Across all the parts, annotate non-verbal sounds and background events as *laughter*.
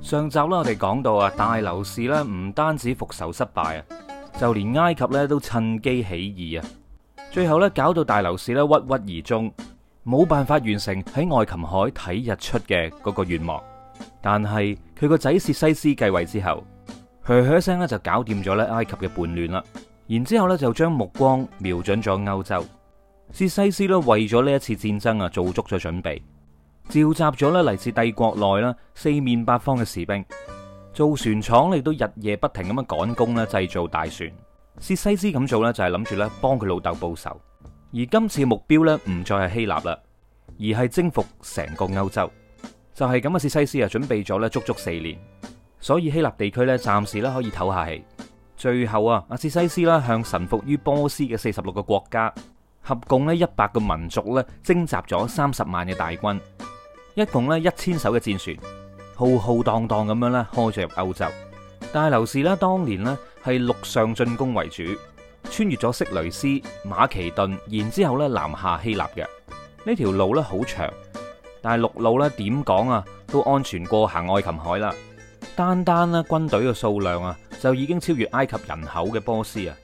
上集啦，我哋講到啊，大流士咧唔單止復仇失敗啊，就連埃及咧都趁機起義啊，最後咧搞到大流士咧鬱鬱而終，冇辦法完成喺愛琴海睇日出嘅嗰個願望。但係佢個仔薛西斯繼位之後，噓噓聲咧就搞掂咗咧埃及嘅叛亂啦，然之後咧就將目光瞄準咗歐洲。薛西斯呢為咗呢一次戰爭啊做足咗準備。召集咗咧，嚟自帝國內啦，四面八方嘅士兵。造船廠，亦都日夜不停咁樣趕工咧，製造大船。薛西斯咁做呢，就係諗住咧幫佢老豆報仇，而今次目標呢，唔再係希臘啦，而係征服成個歐洲。就係咁啊！薛西斯啊，準備咗咧，足足四年，所以希臘地區呢，暫時咧可以唞下氣。最後啊，阿薛西斯啦，向臣服於波斯嘅四十六個國家合共咧一百個民族咧徵集咗三十萬嘅大軍。一共咧一千艘嘅戰船，浩浩蕩蕩咁樣咧開咗入歐洲。大流士咧當年咧係陸上進攻為主，穿越咗色雷斯、馬其頓，然之後咧南下希臘嘅呢條路咧好長，但係陸路咧點講啊，都安全過行愛琴海啦。單單咧軍隊嘅數量啊就已經超越埃及人口嘅波斯啊。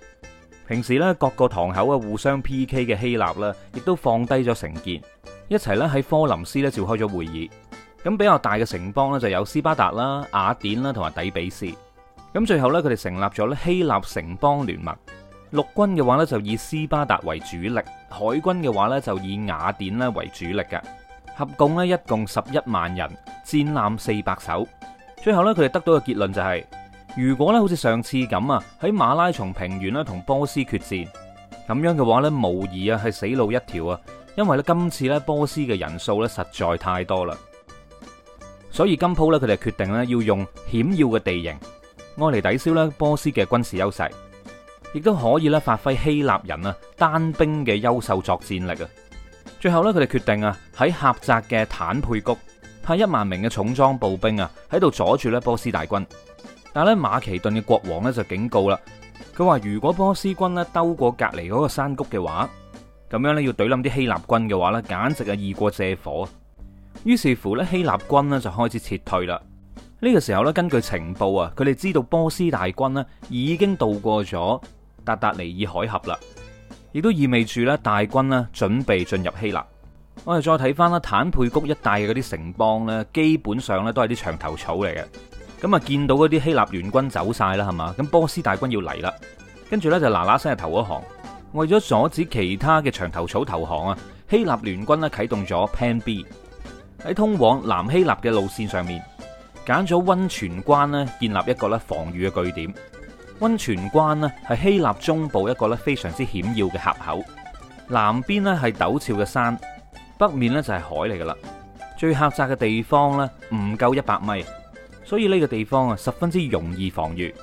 平時咧各個堂口啊互相 PK 嘅希臘啦，亦都放低咗成見。一齊咧喺科林斯咧召開咗會議，咁比較大嘅城邦咧就有斯巴達啦、雅典啦同埋底比斯，咁最後咧佢哋成立咗咧希臘城邦聯盟。陸軍嘅話咧就以斯巴達為主力，海軍嘅話咧就以雅典咧為主力嘅，合共咧一共十一萬人，戰艦四百艘。最後咧佢哋得到嘅結論就係，如果咧好似上次咁啊，喺馬拉松平原咧同波斯決戰咁樣嘅話咧，無疑啊係死路一條啊！因為咧今次咧波斯嘅人數咧實在太多啦，所以今鋪咧佢哋決定咧要用險要嘅地形，愛嚟抵消咧波斯嘅軍事優勢，亦都可以咧發揮希臘人啊單兵嘅優秀作戰力啊。最後咧佢哋決定啊喺狹窄嘅坦佩谷派一萬名嘅重裝步兵啊喺度阻住咧波斯大軍，但係咧馬其頓嘅國王咧就警告啦，佢話如果波斯軍咧兜過隔籬嗰個山谷嘅話。咁樣咧要懟冧啲希臘軍嘅話呢，簡直係易過借火。於是乎呢，希臘軍呢，就開始撤退啦。呢個時候呢，根據情報啊，佢哋知道波斯大軍呢已經渡過咗達達尼爾海峽啦，亦都意味住呢，大軍呢準備進入希臘。我哋再睇翻啦，坦佩谷一帶嘅嗰啲城邦呢，基本上呢都係啲牆頭草嚟嘅。咁啊，見到嗰啲希臘聯軍走晒啦，係嘛？咁波斯大軍要嚟啦，跟住呢，就嗱嗱聲投一行。為咗阻止其他嘅長頭草投降啊，希臘聯軍呢，啟動咗 Pan B。喺通往南希臘嘅路線上面，揀咗温泉關呢，建立一個咧防御嘅據點。温泉關呢，係希臘中部一個咧非常之險要嘅峽口，南邊呢，係陡峭嘅山，北面呢，就係海嚟噶啦。最狹窄嘅地方呢，唔夠一百米，所以呢個地方啊十分之容易防御。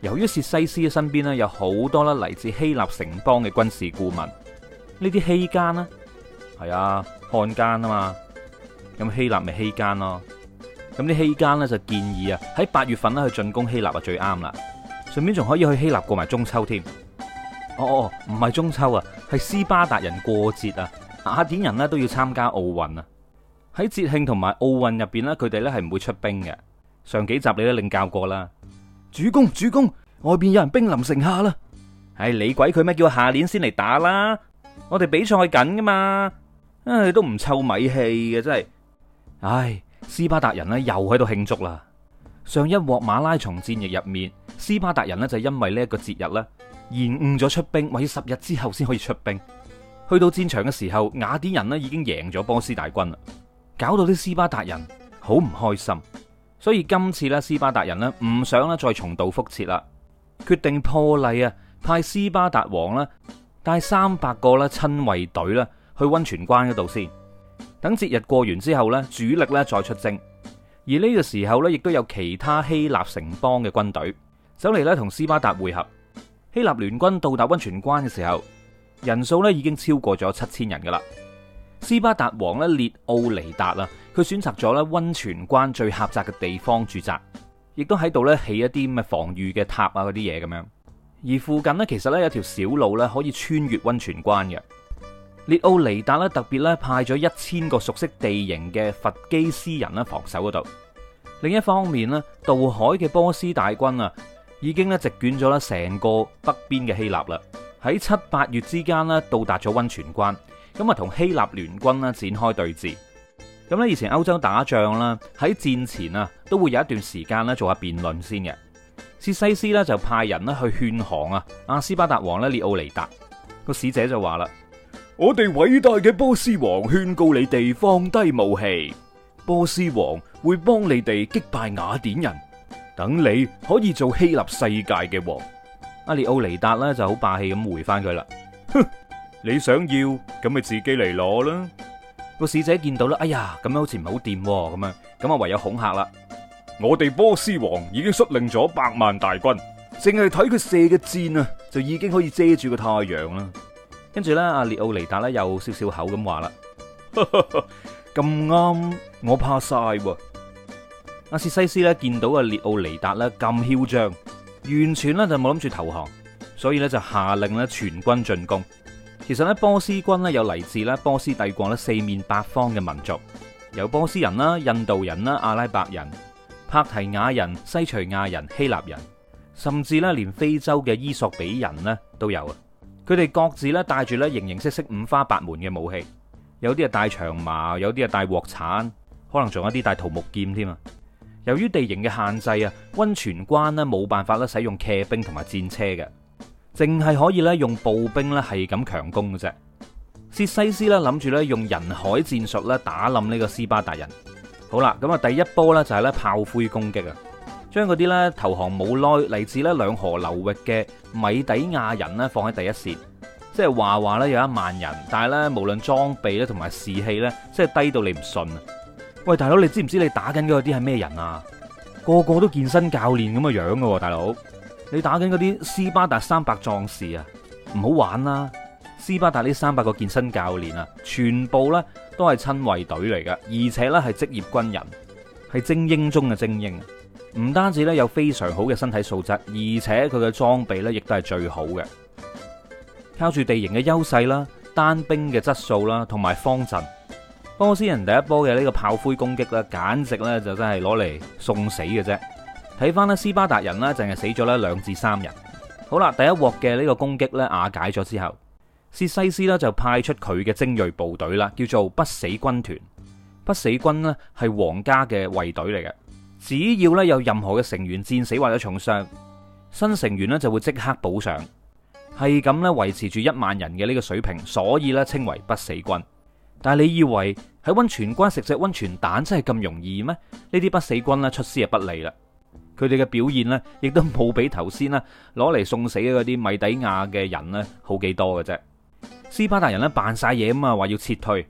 由於薛西斯嘅身邊咧有好多咧嚟自希臘城邦嘅軍事顧問，呢啲希奸咧係啊漢奸啊嘛，咁希臘咪希奸咯，咁啲希奸呢就建議啊喺八月份咧去進攻希臘啊最啱啦，順便仲可以去希臘過埋中秋添。哦哦，唔係中秋啊，係斯巴達人過節啊，雅典人呢都要參加奧運啊。喺節慶同埋奧運入邊呢，佢哋呢係唔會出兵嘅。上幾集你都領教過啦。主公，主公，外邊有人兵臨城下啦！唉、哎，你鬼佢咩？叫下年先嚟打啦！我哋比賽緊㗎嘛，唉、哎，都唔臭米氣嘅，真係。唉、哎，斯巴達人呢又喺度慶祝啦。上一鑊馬拉松戰役入面，斯巴達人呢就因為呢一個節日咧延誤咗出兵，或者十日之後先可以出兵。去到戰場嘅時候，雅典人呢已經贏咗波斯大軍啦，搞到啲斯巴達人好唔開心。所以今次咧，斯巴達人呢唔想咧再重蹈覆轍啦，決定破例啊，派斯巴達王呢帶三百個咧親衛隊呢去温泉關嗰度先，等節日過完之後咧主力咧再出征。而呢個時候咧，亦都有其他希臘城邦嘅軍隊走嚟咧同斯巴達會合。希臘聯軍到達温泉關嘅時候，人數咧已經超過咗七千人㗎喇。斯巴達王咧列奧尼達啦，佢選擇咗咧溫泉關最狹窄嘅地方駐紮，亦都喺度咧起一啲咁嘅防禦嘅塔啊嗰啲嘢咁樣。而附近呢，其實咧有條小路咧可以穿越溫泉關嘅。列奧尼達咧特別咧派咗一千個熟悉地形嘅佛基斯人咧防守嗰度。另一方面咧渡海嘅波斯大軍啊，已經咧席捲咗咧成個北邊嘅希臘啦。喺七八月之間咧到達咗溫泉關。咁啊，同希臘聯軍啦展開對峙。咁咧，以前歐洲打仗啦，喺戰前啊，都會有一段時間咧做下辯論先嘅。薛西斯咧就派人咧去勸降啊，阿斯巴達王咧列奧尼達，個使者就話啦：我哋偉大嘅波斯王勸告你哋放低武器，波斯王會幫你哋擊敗雅典人，等你可以做希臘世界嘅王。阿列奧尼達咧就好霸氣咁回翻佢啦，哼！ *laughs* 你想要咁咪自己嚟攞啦。個使者見到啦，哎呀，咁樣好似唔好掂咁啊，咁啊唯有恐嚇啦。我哋波斯王已經率領咗百萬大軍，淨係睇佢射嘅箭啊，就已經可以遮住個太陽啦。跟住咧，阿列奧尼達咧又笑笑口咁話啦，咁啱我怕晒喎。阿薛西斯咧見到阿列奧尼達咧咁囂張，完全咧就冇諗住投降，所以咧就下令咧全軍進攻。其實咧，波斯軍咧有嚟自咧波斯帝國咧四面八方嘅民族，有波斯人啦、印度人啦、阿拉伯人、帕提亞人、西徐亞人、希臘人，甚至咧連非洲嘅伊索比人咧都有啊。佢哋各自咧帶住咧形形色色、五花八門嘅武器，有啲啊帶長矛，有啲啊帶鑊鏟，可能仲有啲帶桃木劍添啊。由於地形嘅限制啊，溫泉關咧冇辦法咧使用騎兵同埋戰車嘅。淨係可以咧用步兵咧係咁強攻嘅啫，薛西斯咧諗住咧用人海戰術咧打冧呢個斯巴達人。好啦，咁啊第一波呢就係咧炮灰攻擊啊，將嗰啲咧投降冇耐嚟自咧兩河流域嘅米底亞人呢放喺第一線，即係話話咧有一萬人，但係咧無論裝備咧同埋士氣咧，即係低到你唔信啊！喂，大佬你知唔知你打緊嗰啲係咩人啊？個個都健身教練咁嘅樣噶喎，大佬。你打緊嗰啲斯巴達三百壯士啊，唔好玩啦！斯巴達呢三百個健身教練啊，全部呢都係親衛隊嚟噶，而且呢係職業軍人，係精英中嘅精英。唔單止呢有非常好嘅身體素質，而且佢嘅裝備呢亦都係最好嘅。靠住地形嘅優勢啦，單兵嘅質素啦，同埋方陣，波斯人第一波嘅呢個炮灰攻擊呢，簡直呢就真係攞嚟送死嘅啫。睇翻呢斯巴達人呢，淨係死咗呢兩至三人。好啦，第一鑊嘅呢個攻擊呢，瓦解咗之後，薛西斯呢就派出佢嘅精銳部隊啦,叫做不死軍團。不死軍呢係皇家嘅衛隊嚟嘅，只要呢有任何嘅成員戰死或者重傷，新成員呢就會即刻補上，係咁呢維持住一萬人嘅呢個水平，所以呢稱為不死軍。但係你以為喺温泉關食隻温泉蛋真係咁容易咩？呢啲不死軍呢，出師不利啦。佢哋嘅表現呢，亦都冇比頭先啦，攞嚟送死嗰啲米底亞嘅人呢，好幾多嘅啫。斯巴達人呢，扮晒嘢吖嘛，話要撤退，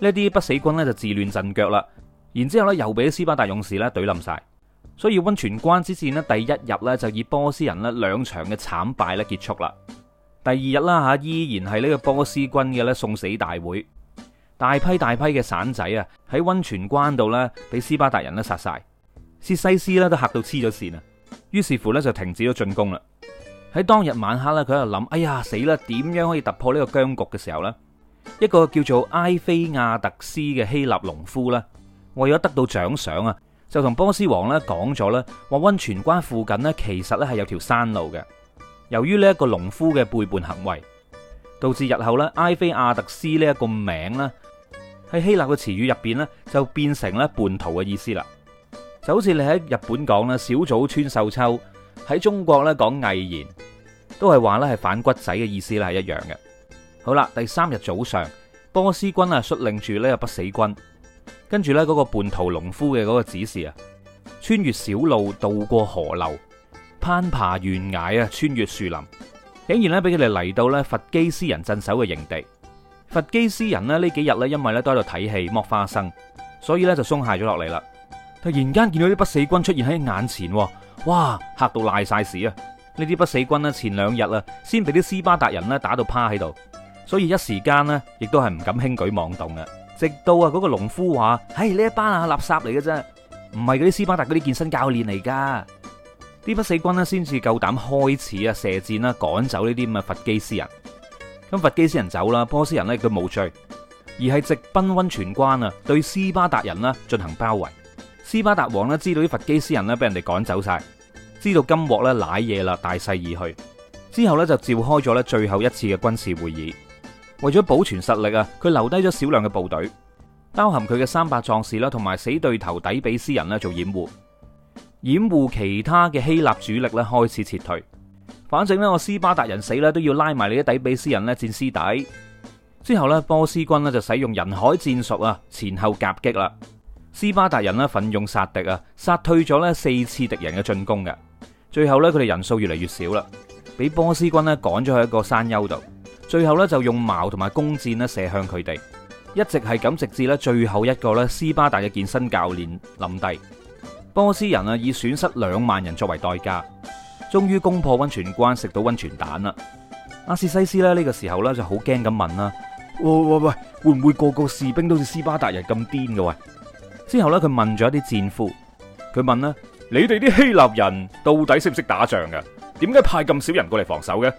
呢啲不死軍呢，就自亂陣腳啦。然之後呢，又俾斯巴達勇士呢，隊冧晒。所以溫泉關之戰呢，第一日呢，就以波斯人咧兩場嘅慘敗咧結束啦。第二日啦嚇，依然係呢個波斯軍嘅咧送死大會，大批大批嘅散仔啊喺溫泉關度呢，俾斯巴達人咧殺晒。薛西斯咧都吓到黐咗線啦，於是乎咧就停止咗進攻啦。喺當日晚黑咧，佢就諗：哎呀死啦！點樣可以突破呢個僵局嘅時候咧？一個叫做埃菲亞特斯嘅希臘農夫啦，為咗得到獎賞啊，就同波斯王咧講咗啦，話溫泉關附近咧其實咧係有條山路嘅。由於呢一個農夫嘅背叛行為，導致日後咧埃菲亞特斯呢一個名咧喺希臘嘅詞語入邊咧就變成咧叛徒嘅意思啦。就好似你喺日本講咧，小早川秀秋喺中國咧講魏延，都係話咧係反骨仔嘅意思咧係一樣嘅。好啦，第三日早上，波斯軍啊率領住呢個不死軍，跟住咧嗰個叛徒農夫嘅嗰個指示啊，穿越小路，渡過河流，攀爬懸崖啊，穿越樹林，竟然咧俾佢哋嚟到咧佛基斯人鎮守嘅營地。佛基斯人咧呢幾日咧因為咧都喺度睇戲剝花生，所以咧就鬆懈咗落嚟啦。突然間見到啲不死軍出現喺眼前，哇嚇到賴晒屎啊！呢啲不死軍咧前兩日啊，先俾啲斯巴達人咧打到趴喺度，所以一時間呢，亦都係唔敢輕舉妄動嘅。直到啊嗰個農夫話，唉、哎、呢一班啊垃圾嚟嘅啫，唔係嗰啲斯巴達嗰啲健身教練嚟噶。啲不死軍咧先至夠膽開始啊射箭啦，趕走呢啲咁嘅佛基斯人。咁佛基斯人走啦，波斯人咧佢冇追，而係直奔溫泉關啊，對斯巴達人啦進行包圍。斯巴達王咧知道啲佛基斯人咧俾人哋趕走晒，知道金鑊咧瀨嘢啦，大勢已去。之後咧就召開咗咧最後一次嘅軍事會議，為咗保存實力啊，佢留低咗少量嘅部隊，包含佢嘅三百壯士啦，同埋死對頭底比斯人咧做掩護，掩護其他嘅希臘主力咧開始撤退。反正呢我斯巴達人死咧都要拉埋你啲底比斯人咧戰屍底。之後呢，波斯軍咧就使用人海戰術啊，前後夾擊啦。斯巴達人啦，奮勇殺敵啊，殺退咗咧四次敵人嘅進攻嘅。最後咧，佢哋人數越嚟越少啦，俾波斯軍咧趕咗去一個山丘度。最後咧就用矛同埋弓箭咧射向佢哋，一直係咁，直至咧最後一個咧斯巴達嘅健身教練冧低。波斯人啊，以損失兩萬人作為代價，終於攻破溫泉關，食到溫泉蛋啦。阿斯西斯咧呢個時候咧就好驚咁問啦：喂喂喂，會唔會個個士兵都似斯巴達人咁癲㗎喂？之後咧，佢問咗一啲戰俘，佢問咧：你哋啲希臘人到底識唔識打仗噶？點解派咁少人過嚟防守嘅？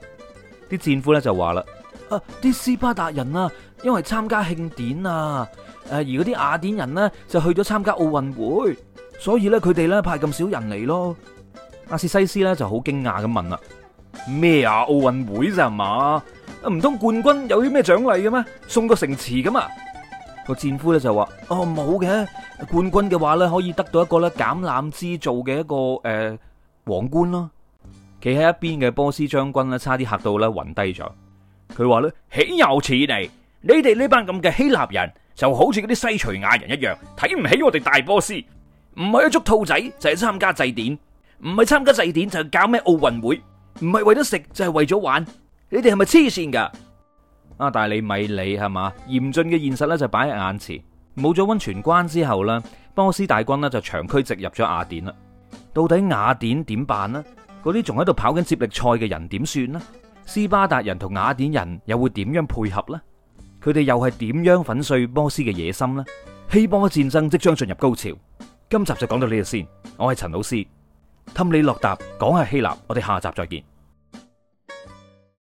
啲戰俘咧就話啦：啊，啲斯巴達人啊，因為參加慶典啊，誒，而嗰啲雅典人呢，就去咗參加奧運會，所以咧佢哋咧派咁少人嚟咯。阿斯西斯咧就好驚訝咁問啦：咩啊？奧運會咋係嘛？唔通冠軍有啲咩獎勵嘅咩？送個城池咁啊？個戰夫咧就話：哦，冇嘅冠軍嘅話咧，可以得到一個咧橄欖枝做嘅一個誒、呃、皇冠咯。企喺一邊嘅波斯將軍咧，差啲嚇到咧暈低咗。佢話咧：豈有此理！你哋呢班咁嘅希臘人，就好似嗰啲西徐亞人一樣，睇唔起我哋大波斯。唔係一捉兔仔，就係、是、參加祭典；唔係參加祭典，就係、是、搞咩奧運會。唔係為咗食，就係、是、為咗玩。你哋係咪黐線噶？啊！大利米里係嘛？嚴峻嘅現實咧就擺喺眼前，冇咗温泉關之後呢，波斯大軍呢就長驅直入咗雅典啦。到底雅典點辦呢？嗰啲仲喺度跑緊接力賽嘅人點算呢？斯巴達人同雅典人又會點樣配合呢？佢哋又係點樣粉碎波斯嘅野心呢？希波戰爭即將進入高潮，今集就講到呢度先。我係陳老師，氹你落答，講下希臘，我哋下集再見。